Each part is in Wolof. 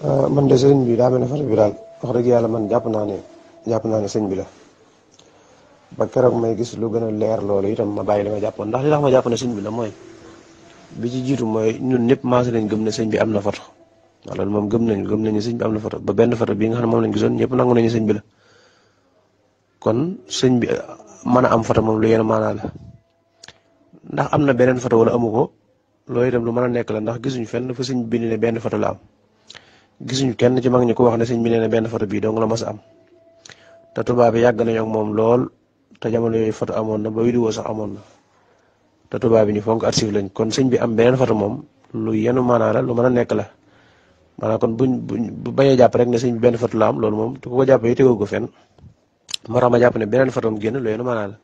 Euh, man de sëriñ bi daa mel ne bi daal wax dëgg yàlla man jàpp naa ne jàpp naa ne sëñ bi la ba keroog may gis lu gën a leer loolu itam ma bàyyi li ma jàppoon ndax li tax ma jàpp ne sëñ bi la mooy bi ci jiitu mooy ñun ñëpp maase nañ gëm ne sëñ bi am na foto waaw loolu moom gëm nañu gëm nañu sëñ am na foto ba benn foto bii nga ne moom lañ gisoon ñëpp nangu nañu sëñ bi la sëñ bi uh, mën a am foto moom lu yéen maanaa ndax am na beneen foto wala amu ko yi itam lu man a nekk la ndax gisuñu fenn fa sëñ bi ne benn foto la am gisuñu kenn ci mag ñi ko wax na sëñ bi nee benn photo bii dong la mas am te tubaab bi yàgg nañoo ak moom lool te jamono yooyu photo amoon na ba vidéo sax amoon na te tubaab bi ñu fonk archive lañ kon sëñ bi am beneen photo moom lu yenu maanaa la a nekk la maanaam kon buñ buñ bu bañee jàpp rek ne sëñ bi benn photo la am loolu moom ku ko jàppee ko fenn moo ma jàpp ne beneen photo génn lu yenu maanaa la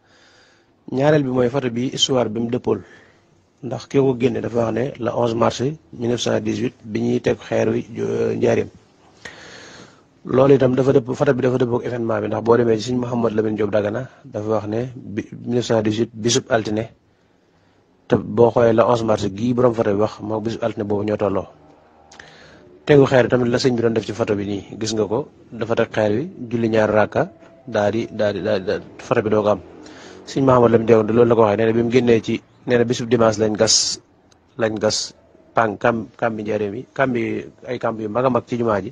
ñaareel bi mooy photo bi histoire bi mu dëppool ndax ki ko génne dafa wax ne le 11 mars 1918 bi ñuy teg xeer wi euh, njaareem loolu itam dafa dëpp fata bi dafa dëppoo ak événement bi ndax boo demee ci sëñ la Lamine Diop Dagana dafa wax ne bi 1918 bisub altine te boo xoolee le 11 gii borom fata bi wax moo bisub altine boobu ñoo tolloo tegu xeer tamit la sëñ bi doon def ci photo bi nii gis nga ko dafa xeer wi julli ñaar raaka daal di daal di daal di photo bi doo am sëñ Mouhamed Lamine Diop loolu la bi mu génnee ci nee na bisub dimanche lañ gas lañ gas pànk kam kambi njëriñ bi kambi ay kambi yu mag a mag ci jumaa ji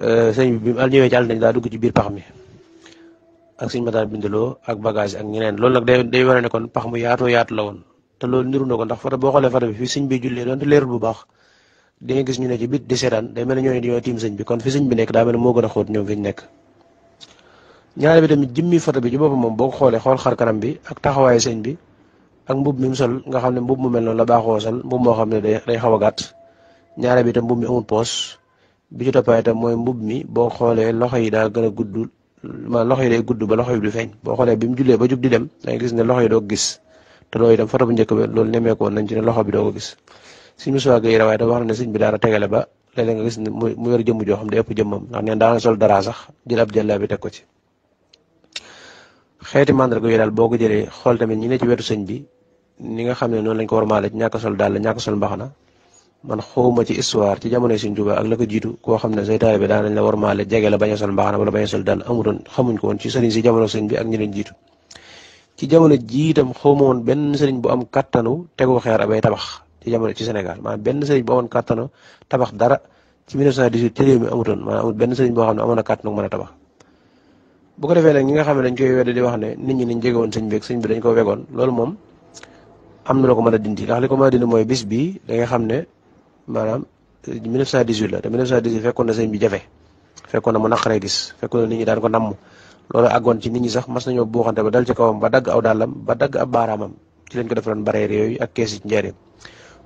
euh, sëñ bi bi ñëwee ci àll nañ daa dugg ci biir pax mi ak sëñ Matar bindaloo ak bagage ak ñeneen lool nag day day wane ne kon pax mu yaato yaat la woon te loolu niru ko ndax foto boo xoolee foto bi fii sëñ bi jullee doon te leerul bu baax di gis ñu ne ci bit di seetaan day mel ne ñooñu dañoo tiim sëñ bi kon fi sëñ bi nekk daa mel ne moo gën a xóot ñoom fi nekk ñaare bi tamit jëmmi foto bi ci boppam moom boo xoolee xool xar kanam bi ak taxawaayu sëñ bi ak mbub mi mu sol nga xam ne mbub mu mel noonu la baaxoo sol mbub moo xam ne day day xaw a gàtt ñaare bi ta mbub mi amul poos bi ci toppaay itam mooy mbub mi boo xoolee loxo yi daa gën a gudd ma loxo yi day gudd ba loxo yi du feeñ boo xoolee mu jullee ba jub di dem da gis ne loxo yi doo gis te loolu itam foto bu njëkk bi loolu nemmeekoon nañ ci ne loxo bi doo ko gis suñu musuwaay gay rawaay dafa wax ne sëñ bi daana tegale ba léeg-léeg nga gis ne mu yor jëmm joo xam ne ëpp jëmmam ndax neen daana sol dara sax jël ab jàllaa bi teg ko ci xeeti mandarga yooyu daal boo ko jëlee xool tamit ñi ne ci wetu sëñ bi ni nga xam ne noonu lañ ko war maale ci ñàkk sol daal la ñàkk sol mbaxana man xawma ci histoire ci jamonoy Sëñ Tuubaa ak la ko koo xam ne say taalibe daan nañ la war maale jege la bañ a sol a sol daal jamono sëñ bi ak ñi leen jiitu ci jamono jii itam xawma woon benn sëriñ bu am kattanu tegu xeer abay tabax ci jamono ci Sénégal maanaam benn sëriñ bu amoon kattanu tabax dara ci 1918 ci réew mi amutoon maanaam amut benn sëriñ boo xam ne amoon na kàttanu mën a tabax bu ko defee nag ñi nga xam ne dañ koy weddi di wax ne nit ñi niñ jege woon sëñ bi ak sëñ bi dañ ko wegoon loolu moom am na lu ko mën a dindi ndax li ko mën a dindi mooy bis bi da nga xam ne maanaam 1918 euh, la te 1918 fekkoon na sëñ bi jafe fekkoon na mu naqaree gis fekkoon na nit daan ko namm loolu àggoon ci nit ñi sax mas nañoo buuxante ba dal ci kawam ba dagg aw dàllam ba dagg ab baaraamam ci lañ ko defaloon yooyu ak kees yi ci njëriñ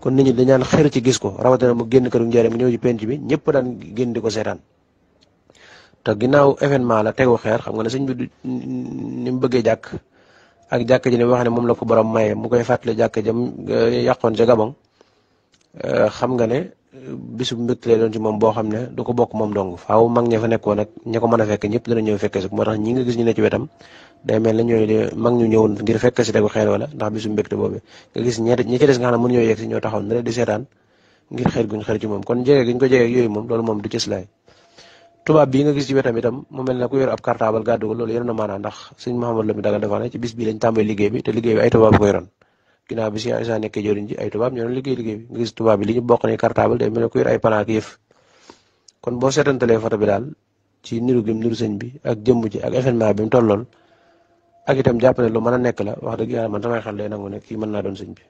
kon nit dañaan xër ci gis ko rawatina mu génn këru njëriñ ñëw ci penc bi ñëpp daan génn di ko seetaan te ginnaaw événement la tegu xeer xam nga ne sëñ bi ni mu bëggee jàkk ak jàkk ji ni wax ne moom la ko borom maye mu koy fàttali jàkk jam eh, yàqoon ca Gabon eh, xam nga ne bisu mbégte lay doon ci moom boo xam ne du bokk moom dong faaw mag ña fa nekkoon ak ña ko a fekk ñëpp dana ñëw fekk si moo tax ñi nga gis ñu ne wetam day mel ne ñooy mag ñu ñëwoon ngir fekk si tegu xeer wala ndax bisu mbégte boobu nga gis ñe des nga xam ne mën ñoo yegg si ñoo taxaw ne di seetaan ngir xeer guñ xeer ci moom kon jege giñ moom loolu moom du tubaab bii nga gis ci wetam itam mu mel ne ku yor ab cartable gàddu ko loolu yërëm na maanaam ndax sëñ Mouhamadou Lamine Dagana dafa ne ci bis bii lañ tàmbali liggéey bi te liggéey bi ay tubaab ko yoroon ginnaaw bi si Isa nekkee jëriñ nga gis tubaab bi li ñu bokk ne cartable day ay panaak yëf kon boo seetantalee photo bi daal ci niru gim niru sëñ bi ak jëmm ji ak événement bi mu tollool ak itam jàpp ne lu mën a nekk la wax dëgg yàlla man samay xel day nangu ne kii mën naa doon sëñ bi